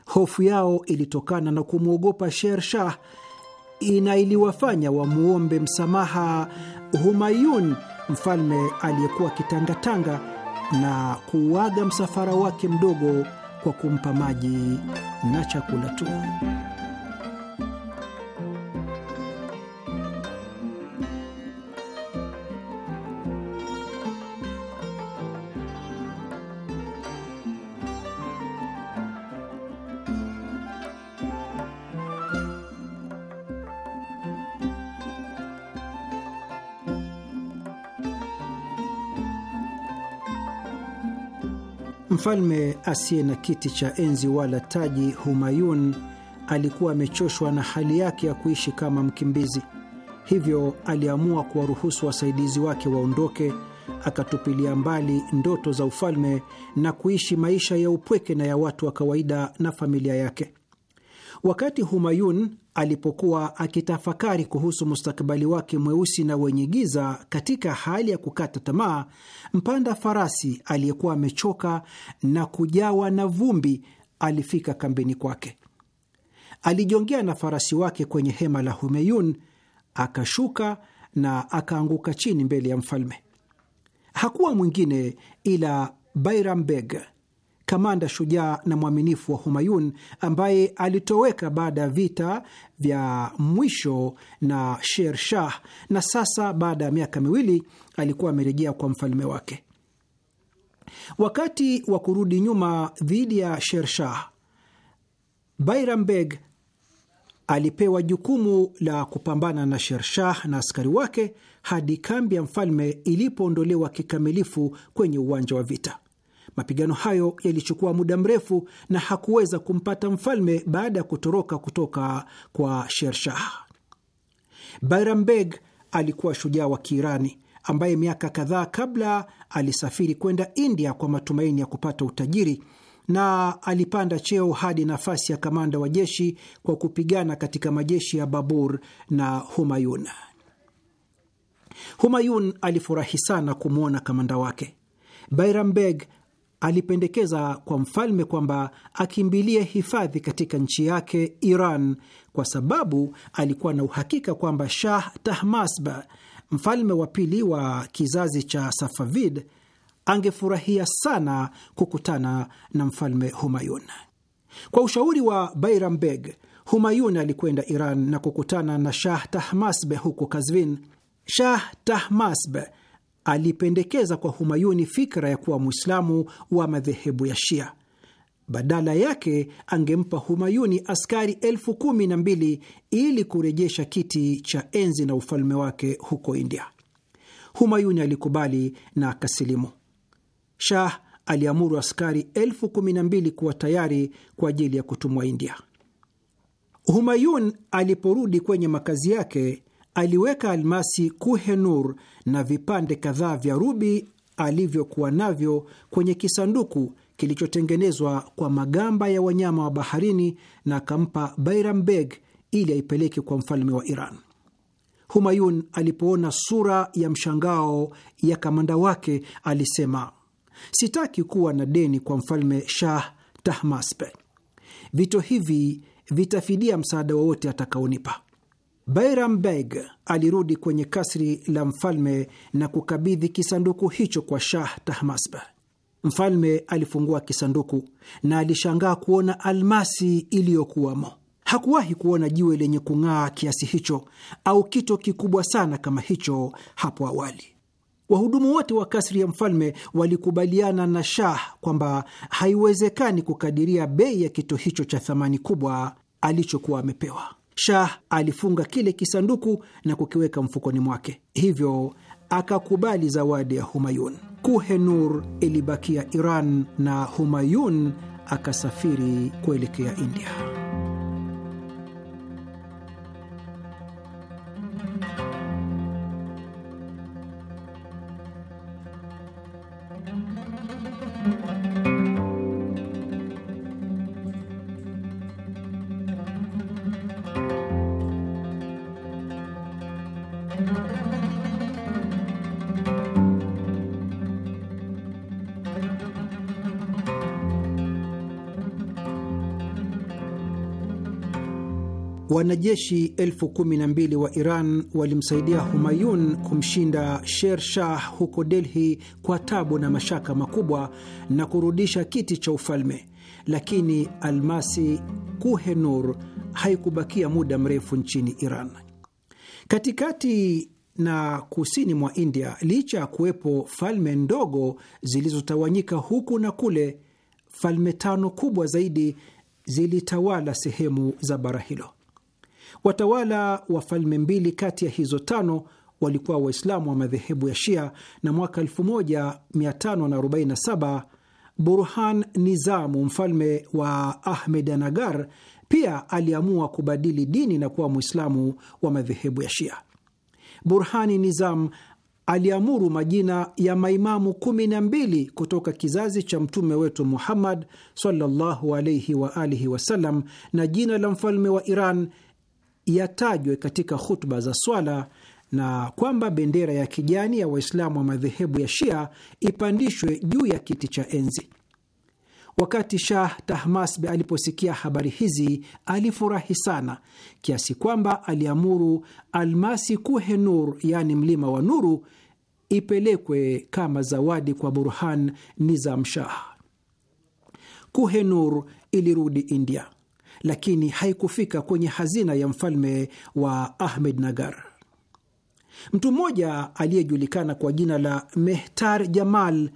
Hofu yao ilitokana na kumwogopa Sher Shah na iliwafanya wamuombe msamaha Humayun, mfalme aliyekuwa akitangatanga, na kuuaga msafara wake mdogo kwa kumpa maji na chakula tu. Mfalme asiye na kiti cha enzi wala taji, Humayun alikuwa amechoshwa na hali yake ya kuishi kama mkimbizi, hivyo aliamua kuwaruhusu wasaidizi wake waondoke, akatupilia mbali ndoto za ufalme na kuishi maisha ya upweke na ya watu wa kawaida na familia yake. Wakati Humayun alipokuwa akitafakari kuhusu mustakabali wake mweusi na wenye giza. Katika hali ya kukata tamaa, mpanda farasi aliyekuwa amechoka na kujawa na vumbi alifika kambini kwake. Alijongea na farasi wake kwenye hema la Humeyun, akashuka na akaanguka chini mbele ya mfalme. Hakuwa mwingine ila Bayram Beg, kamanda shujaa na mwaminifu wa Humayun ambaye alitoweka baada ya vita vya mwisho na Sher Shah, na sasa baada ya miaka miwili alikuwa amerejea kwa mfalme wake. Wakati wa kurudi nyuma dhidi ya Sher Shah, Bayram Beg alipewa jukumu la kupambana na Shershah na askari wake hadi kambi ya mfalme ilipoondolewa kikamilifu kwenye uwanja wa vita. Mapigano hayo yalichukua muda mrefu na hakuweza kumpata mfalme baada ya kutoroka kutoka kwa Shershah. Bayram Beg alikuwa shujaa wa Kiirani ambaye miaka kadhaa kabla alisafiri kwenda India kwa matumaini ya kupata utajiri na alipanda cheo hadi nafasi ya kamanda wa jeshi kwa kupigana katika majeshi ya Babur na Humayun. Humayun alifurahi sana kumwona kamanda wake. Bayram Beg alipendekeza kwa mfalme kwamba akimbilie hifadhi katika nchi yake Iran, kwa sababu alikuwa na uhakika kwamba Shah Tahmasb, mfalme wa pili wa kizazi cha Safavid, angefurahia sana kukutana na mfalme Humayun. Kwa ushauri wa bairambeg Beg, Humayun alikwenda Iran na kukutana na Shah Tahmasbe huko Kazvin. Shah Tahmasb alipendekeza kwa Humayuni fikra ya kuwa Mwislamu wa madhehebu ya Shia. Badala yake angempa Humayuni askari elfu kumi na mbili ili kurejesha kiti cha enzi na ufalme wake huko India. Humayuni alikubali na akasilimu. Shah aliamuru askari elfu kumi na mbili kuwa tayari kwa ajili ya kutumwa India. Humayun aliporudi kwenye makazi yake aliweka almasi Kuhenur na vipande kadhaa vya rubi alivyokuwa navyo kwenye kisanduku kilichotengenezwa kwa magamba ya wanyama wa baharini na akampa Bairam Beg ili aipeleke kwa mfalme wa Iran. Humayun alipoona sura ya mshangao ya kamanda wake alisema, sitaki kuwa na deni kwa mfalme Shah Tahmaspe. Vito hivi vitafidia msaada wowote atakaonipa. Bayram Beg alirudi kwenye kasri la mfalme na kukabidhi kisanduku hicho kwa Shah Tahmasp. Mfalme alifungua kisanduku na alishangaa kuona almasi iliyokuwamo. Hakuwahi kuona jiwe lenye kung'aa kiasi hicho au kito kikubwa sana kama hicho hapo awali. Wahudumu wote wa kasri ya mfalme walikubaliana na Shah kwamba haiwezekani kukadiria bei ya kito hicho cha thamani kubwa alichokuwa amepewa. Shah alifunga kile kisanduku na kukiweka mfukoni mwake, hivyo akakubali zawadi ya Humayun. Kuhenur ilibakia Iran na Humayun akasafiri kuelekea India. Wanajeshi elfu kumi na mbili wa Iran walimsaidia Humayun kumshinda Sher Shah huko Delhi kwa tabu na mashaka makubwa na kurudisha kiti cha ufalme, lakini almasi Kuhenur haikubakia muda mrefu nchini Iran. Katikati na kusini mwa India, licha ya kuwepo falme ndogo zilizotawanyika huku na kule, falme tano kubwa zaidi zilitawala sehemu za bara hilo. Watawala wa falme mbili kati ya hizo tano walikuwa Waislamu wa madhehebu ya Shia, na mwaka 1547 Burhan Nizamu, mfalme wa Ahmedanagar, pia aliamua kubadili dini na kuwa Mwislamu wa madhehebu ya Shia. Burhani Nizam aliamuru majina ya maimamu kumi na mbili kutoka kizazi cha mtume wetu Muhammad sallallahu alaihi wa alihi wasallam, na jina la mfalme wa Iran yatajwe katika hutuba za swala na kwamba bendera ya kijani ya Waislamu wa madhehebu ya Shia ipandishwe juu ya kiti cha enzi. Wakati Shah Tahmasb aliposikia habari hizi alifurahi sana kiasi kwamba aliamuru almasi Kuhe Nur, yaani mlima wa nuru, ipelekwe kama zawadi kwa Burhan Nizam Shah. Kuhe Nur ilirudi India lakini haikufika kwenye hazina ya mfalme wa ahmed nagar Mtu mmoja aliyejulikana kwa jina la Mehtar Jamal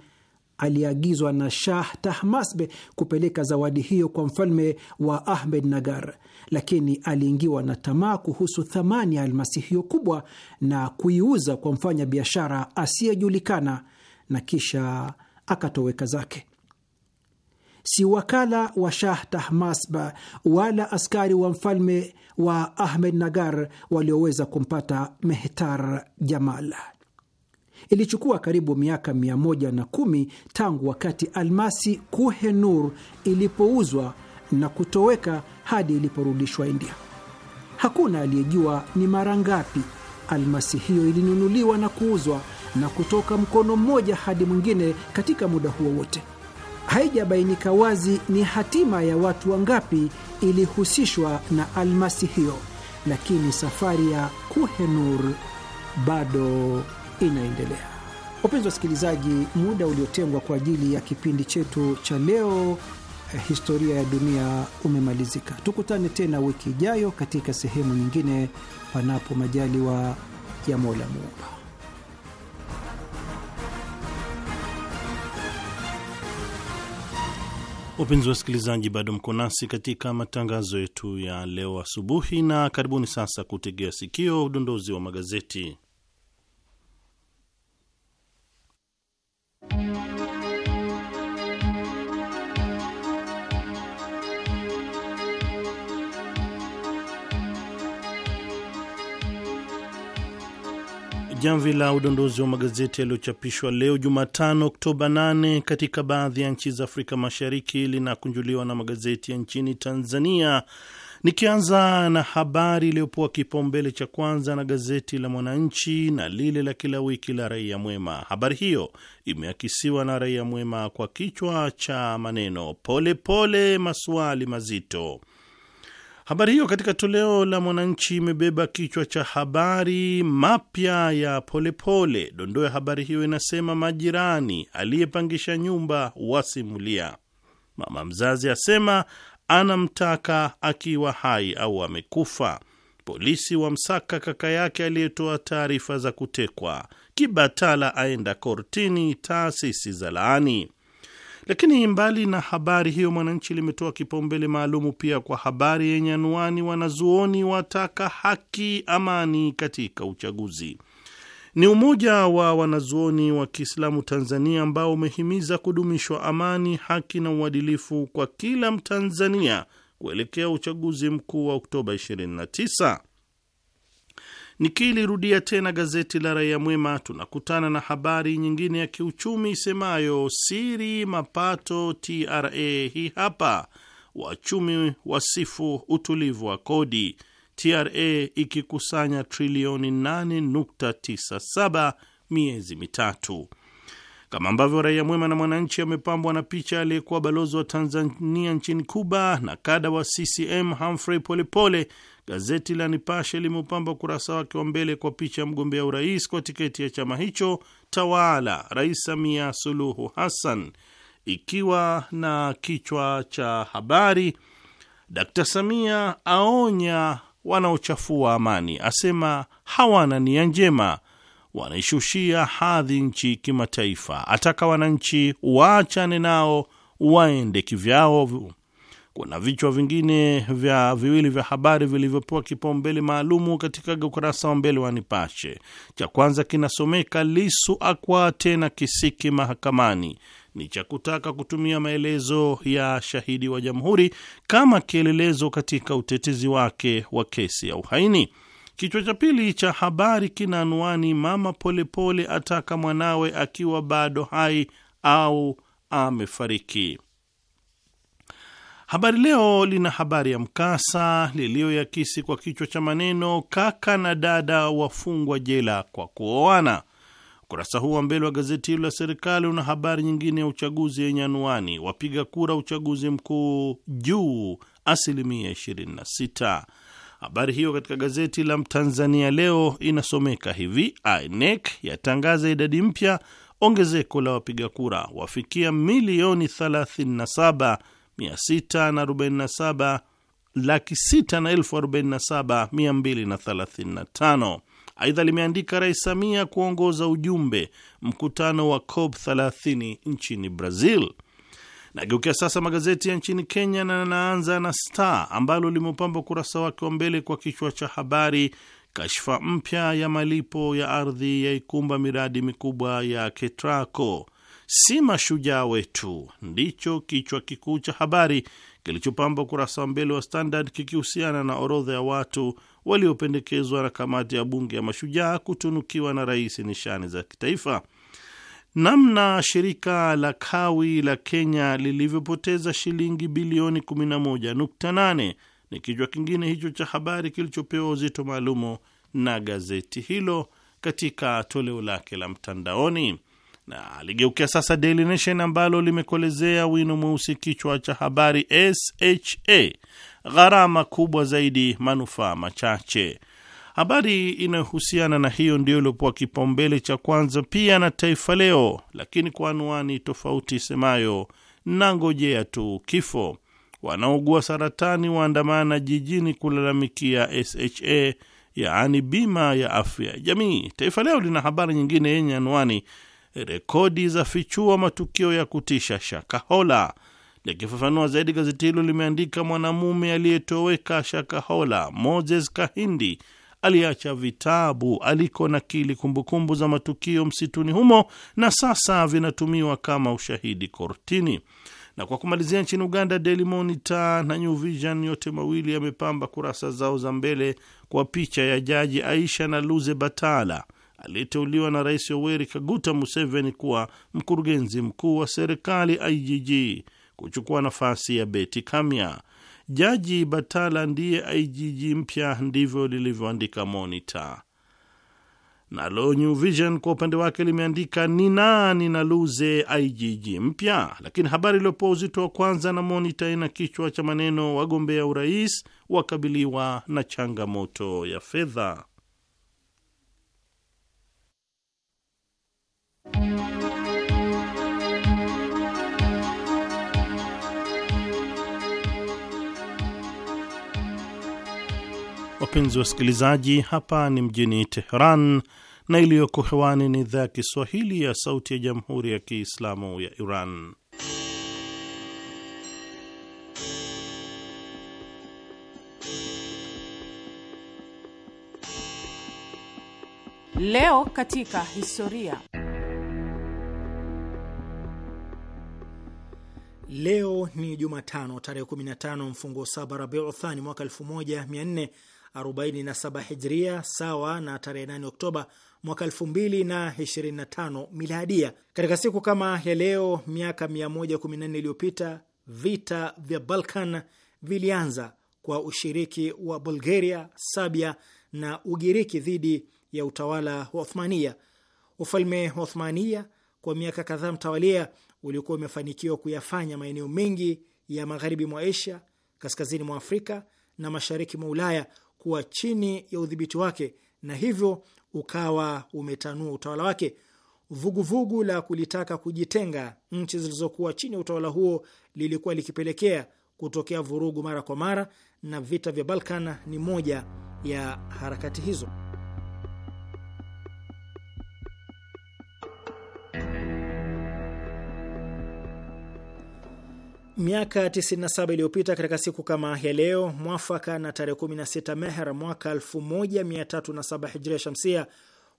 aliagizwa na Shah Tahmasbe kupeleka zawadi hiyo kwa mfalme wa ahmed nagar lakini aliingiwa na tamaa kuhusu thamani ya almasi hiyo kubwa na kuiuza kwa mfanya biashara asiyejulikana, na kisha akatoweka zake si wakala wa Shah Tahmasba wala askari wa mfalme wa Ahmed Nagar walioweza kumpata Mehtar Jamal. Ilichukua karibu miaka 11 tangu wakati almasi Kuhe Nur ilipouzwa na kutoweka hadi iliporudishwa India. Hakuna aliyejua ni mara ngapi almasi hiyo ilinunuliwa na kuuzwa na kutoka mkono mmoja hadi mwingine katika muda huo wote haijabainika wazi ni hatima ya watu wangapi ilihusishwa na almasi hiyo, lakini safari ya Kuhenur bado inaendelea. Wapenzi wasikilizaji, muda uliotengwa kwa ajili ya kipindi chetu cha leo eh, historia ya dunia umemalizika. Tukutane tena wiki ijayo katika sehemu nyingine, panapo majaliwa ya Mola Muumba. Wapenzi wasikilizaji, bado mko nasi katika matangazo yetu ya leo asubuhi, na karibuni sasa kutegea sikio udondozi wa magazeti jamvi la udondozi wa magazeti yaliyochapishwa leo Jumatano, Oktoba 8 katika baadhi ya nchi za Afrika Mashariki linakunjuliwa na magazeti ya nchini Tanzania, nikianza na habari iliyopewa kipaumbele cha kwanza na gazeti la Mwananchi na lile la kila wiki la Raia Mwema. Habari hiyo imeakisiwa na Raia Mwema kwa kichwa cha maneno polepole pole, maswali mazito Habari hiyo katika toleo la Mwananchi imebeba kichwa cha habari mapya ya Polepole. Dondoo ya habari hiyo inasema majirani, aliyepangisha nyumba wasimulia, mama mzazi asema anamtaka akiwa hai au amekufa, polisi wamsaka kaka yake aliyetoa taarifa za kutekwa, Kibatala aenda kortini, taasisi za laani lakini mbali na habari hiyo, Mwananchi limetoa kipaumbele maalumu pia kwa habari yenye anuani, wanazuoni wataka haki, amani katika uchaguzi. Ni umoja wa wanazuoni wa Kiislamu Tanzania ambao umehimiza kudumishwa amani, haki na uadilifu kwa kila Mtanzania kuelekea uchaguzi mkuu wa Oktoba 29. Nikilirudia tena gazeti la Raia Mwema, tunakutana na habari nyingine ya kiuchumi isemayo siri mapato TRA. Hii hapa, wachumi wasifu utulivu wa kodi, TRA ikikusanya trilioni 8.97 miezi mitatu. Kama ambavyo Raia Mwema na Mwananchi amepambwa na picha aliyekuwa balozi wa Tanzania nchini kuba na kada wa CCM Humphrey Polepole Gazeti la Nipashe limeupamba ukurasa wake wa mbele kwa picha ya mgombea urais kwa tiketi ya chama hicho tawala, Rais Samia Suluhu Hassan, ikiwa na kichwa cha habari Dkt Samia aonya wanaochafua amani, asema hawana nia njema, wanaishushia hadhi nchi kimataifa, ataka wananchi waachane nao waende kivyao kuna vichwa vingine vya viwili vya habari vilivyopewa kipaumbele maalumu katika ukurasa wa mbele wa Nipashe. Cha kwanza kinasomeka Lisu akwa tena kisiki mahakamani, ni cha kutaka kutumia maelezo ya shahidi wa Jamhuri kama kielelezo katika utetezi wake wa kesi ya uhaini. Kichwa cha pili cha habari kina anwani mama Polepole pole ataka mwanawe akiwa bado hai au amefariki. Habari Leo lina habari ya mkasa liliyoyakisi kwa kichwa cha maneno kaka na dada wafungwa jela kwa kuoana. Ukurasa huu wa mbele wa gazeti hilo la serikali una habari nyingine ya uchaguzi yenye anuani wapiga kura uchaguzi mkuu juu asilimia 26. Habari hiyo katika gazeti la Mtanzania Leo inasomeka hivi: INEC yatangaza idadi mpya, ongezeko la wapiga kura wafikia milioni 37 647 laki sita na elfu arobaini na saba mia mbili na thelathini na tano. Aidha limeandika Rais Samia kuongoza ujumbe mkutano wa COP 30 nchini Brazil. Nageukia sasa magazeti ya nchini Kenya na naanza na Star ambalo limeupamba ukurasa wake wa mbele kwa kichwa cha habari, kashfa mpya ya malipo ya ardhi yaikumba miradi mikubwa ya Ketraco si mashujaa wetu, ndicho kichwa kikuu cha habari kilichopamba ukurasa wa mbele wa Standard kikihusiana na orodha ya watu waliopendekezwa na kamati ya bunge ya mashujaa kutunukiwa na rais nishani za kitaifa. Namna shirika la kawi la Kenya lilivyopoteza shilingi bilioni 11.8 ni kichwa kingine hicho cha habari kilichopewa uzito maalumu na gazeti hilo katika toleo lake la mtandaoni na aligeukia sasa Daily Nation ambalo limekolezea wino mweusi kichwa cha habari SHA gharama kubwa zaidi, manufaa machache. Habari inayohusiana na hiyo ndio iliyopewa kipaumbele cha kwanza pia na Taifa Leo, lakini kwa anwani tofauti isemayo nangojea tu kifo, wanaougua saratani waandamana jijini kulalamikia SHA, yaani bima ya afya jamii. Taifa Leo lina habari nyingine yenye anwani rekodi za fichua matukio ya kutisha Shakahola. Likifafanua zaidi, gazeti hilo limeandika mwanamume aliyetoweka Shakahola, Moses Kahindi, aliacha vitabu aliko nakili kumbukumbu za matukio msituni humo na sasa vinatumiwa kama ushahidi kortini. Na kwa kumalizia, nchini Uganda, Daily Monitor na New Vision yote mawili yamepamba kurasa zao za mbele kwa picha ya Jaji Aisha na Luze Batala aliyeteuliwa na Rais Yoweri Kaguta Museveni kuwa mkurugenzi mkuu wa serikali IGG kuchukua nafasi ya Beti Kamya. Jaji Batala ndiye IGG mpya, ndivyo lilivyoandika monita Nalo New Vision kwa upande wake limeandika ni nani na luze IGG mpya, lakini habari iliyopewa uzito wa kwanza na Monita ina kichwa cha maneno wagombea urais wakabiliwa na changamoto ya fedha. Wapenzi wasikilizaji, hapa ni mjini Teheran na iliyoko hewani ni idhaa ya Kiswahili ya Sauti ya Jamhuri ya Kiislamu ya Iran. Leo katika historia. Leo ni Jumatano tarehe 15 mfungo saba Rabiu Thani mwaka 47 hijria sawa na tarehe 8 Oktoba mwaka 2025 miladia. Katika siku kama ya leo miaka 114 iliyopita vita vya Balkan vilianza kwa ushiriki wa Bulgaria, Sabia na Ugiriki dhidi ya utawala wa Othmania. Ufalme wa Othmania kwa miaka kadhaa mtawalia ulikuwa umefanikiwa kuyafanya maeneo mengi ya magharibi mwa Asia, kaskazini mwa Afrika na mashariki mwa Ulaya kuwa chini ya udhibiti wake na hivyo ukawa umetanua utawala wake. Vuguvugu vugu la kulitaka kujitenga nchi zilizokuwa chini ya utawala huo lilikuwa likipelekea kutokea vurugu mara kwa mara, na vita vya Balkan ni moja ya harakati hizo. Miaka 97 iliyopita katika siku kama ya leo, mwafaka na tarehe 16 Meher mwaka 1307 Hijria Shamsia,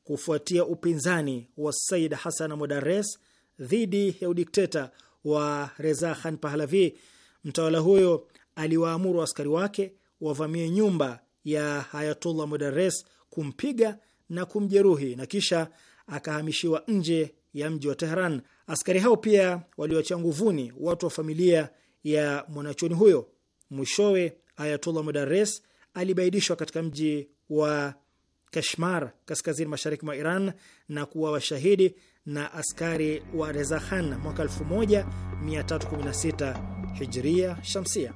kufuatia upinzani wa Said Hasan Modares dhidi ya udikteta wa Reza Khan Pahlavi, mtawala huyo aliwaamuru askari wake wavamie nyumba ya Hayatullah Modares, kumpiga na kumjeruhi na kisha akahamishiwa nje ya mji wa Tehran Askari hao pia waliwatia nguvuni watu wa familia ya mwanachuoni huyo. Mwishowe Ayatollah Mudares alibaidishwa katika mji wa Kashmar kaskazini mashariki mwa Iran na kuwa washahidi na askari wa Reza Khan mwaka 1316 Hijria Shamsia.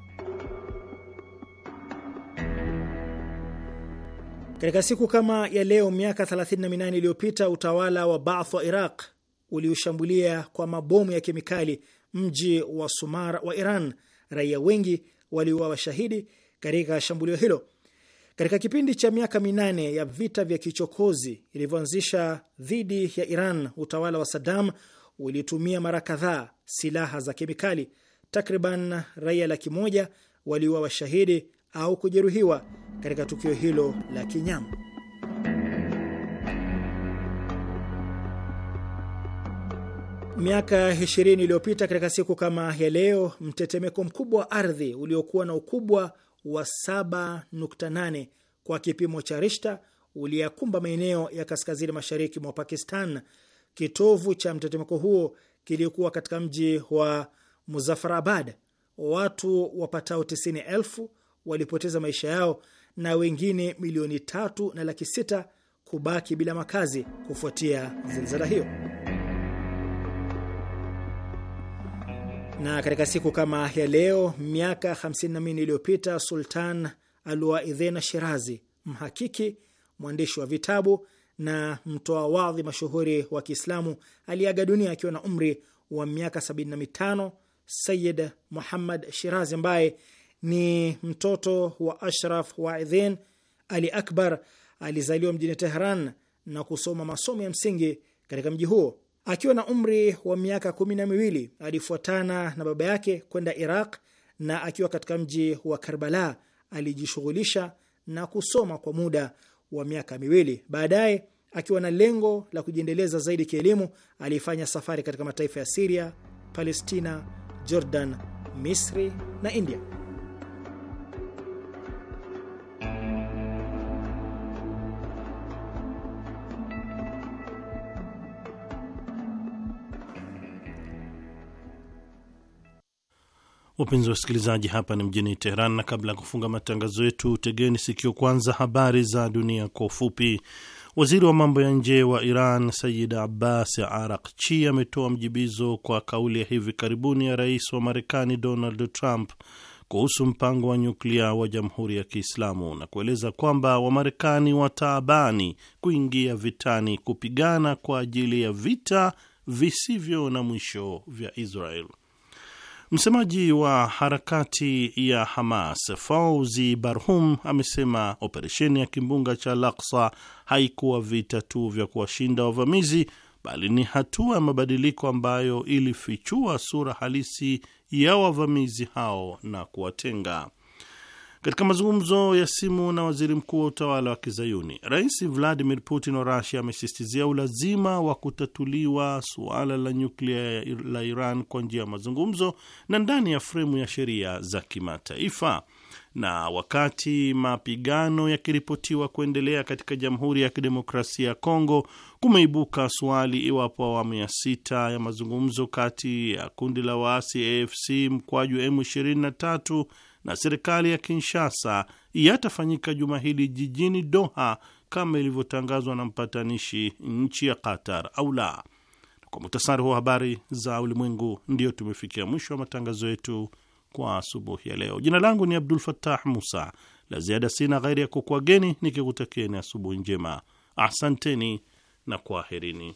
Katika siku kama ya leo miaka 38 iliyopita utawala wa Baath wa Iraq uliushambulia kwa mabomu ya kemikali mji wa Sumar wa Iran. Raia wengi waliuawa washahidi katika shambulio hilo. Katika kipindi cha miaka minane ya vita vya kichokozi ilivyoanzisha dhidi ya Iran, utawala wa Saddam ulitumia mara kadhaa silaha za kemikali. Takriban raia laki moja waliuawa washahidi au kujeruhiwa katika tukio hilo la kinyama. Miaka 20 iliyopita katika siku kama ya leo, mtetemeko mkubwa wa ardhi uliokuwa na ukubwa wa 7.8 kwa kipimo cha Rishta uliyakumba maeneo ya kaskazini mashariki mwa Pakistan. Kitovu cha mtetemeko huo kilikuwa katika mji wa Muzafarabad. Watu wapatao tisini walipoteza maisha yao na wengine milioni tatu na laki sita kubaki bila makazi kufuatia zilzala hiyo. Na katika siku kama ya leo miaka 54 iliyopita Sultan Alwaidhena Shirazi, mhakiki, mwandishi wa vitabu na mtoa wadhi mashuhuri wa Kiislamu, aliaga dunia akiwa na umri wa miaka 75. Sayid Muhammad Shirazi ambaye ni mtoto wa Ashraf Waidhin Ali Akbar alizaliwa mjini Tehran na kusoma masomo ya msingi katika mji huo. Akiwa na umri wa miaka kumi na miwili alifuatana na baba yake kwenda Iraq, na akiwa katika mji wa Karbala alijishughulisha na kusoma kwa muda wa miaka miwili. Baadaye, akiwa na lengo la kujiendeleza zaidi kielimu, alifanya safari katika mataifa ya Siria, Palestina, Jordan, Misri na India. Wapenzi wa wasikilizaji, hapa ni mjini Teheran, na kabla ya kufunga matangazo yetu, tegeni sikio kwanza habari za dunia kwa ufupi. Waziri wa mambo ya nje wa Iran Sayid Abbas Arakchi ametoa mjibizo kwa kauli ya hivi karibuni ya rais wa Marekani Donald Trump kuhusu mpango wa nyuklia wa Jamhuri ya Kiislamu na kueleza kwamba Wamarekani wataabani kuingia vitani kupigana kwa ajili ya vita visivyo na mwisho vya Israel. Msemaji wa harakati ya Hamas Fauzi Barhum amesema operesheni ya kimbunga cha Al-Aqsa haikuwa vita tu vya kuwashinda wavamizi, bali ni hatua ya mabadiliko ambayo ilifichua sura halisi ya wavamizi hao na kuwatenga. Katika mazungumzo ya simu na waziri mkuu wa utawala wa kizayuni, Rais Vladimir Putin wa Rusia amesistizia ulazima wa kutatuliwa suala la nyuklia la Iran kwa njia ya mazungumzo na ndani ya fremu ya sheria za kimataifa. Na wakati mapigano yakiripotiwa kuendelea katika Jamhuri ya Kidemokrasia ya Kongo, kumeibuka swali iwapo awamu ya sita ya mazungumzo kati ya kundi la waasi AFC mkwaju M23 na serikali ya Kinshasa yatafanyika juma hili jijini Doha kama ilivyotangazwa na mpatanishi nchi ya Qatar au la. Kwa muhtasari wa habari za ulimwengu, ndiyo tumefikia mwisho wa matangazo yetu kwa asubuhi ya leo. Jina langu ni Abdul fatah Musa. La ziada sina ghairi ya kukuageni nikikutakieni asubuhi njema. Asanteni na kwaherini.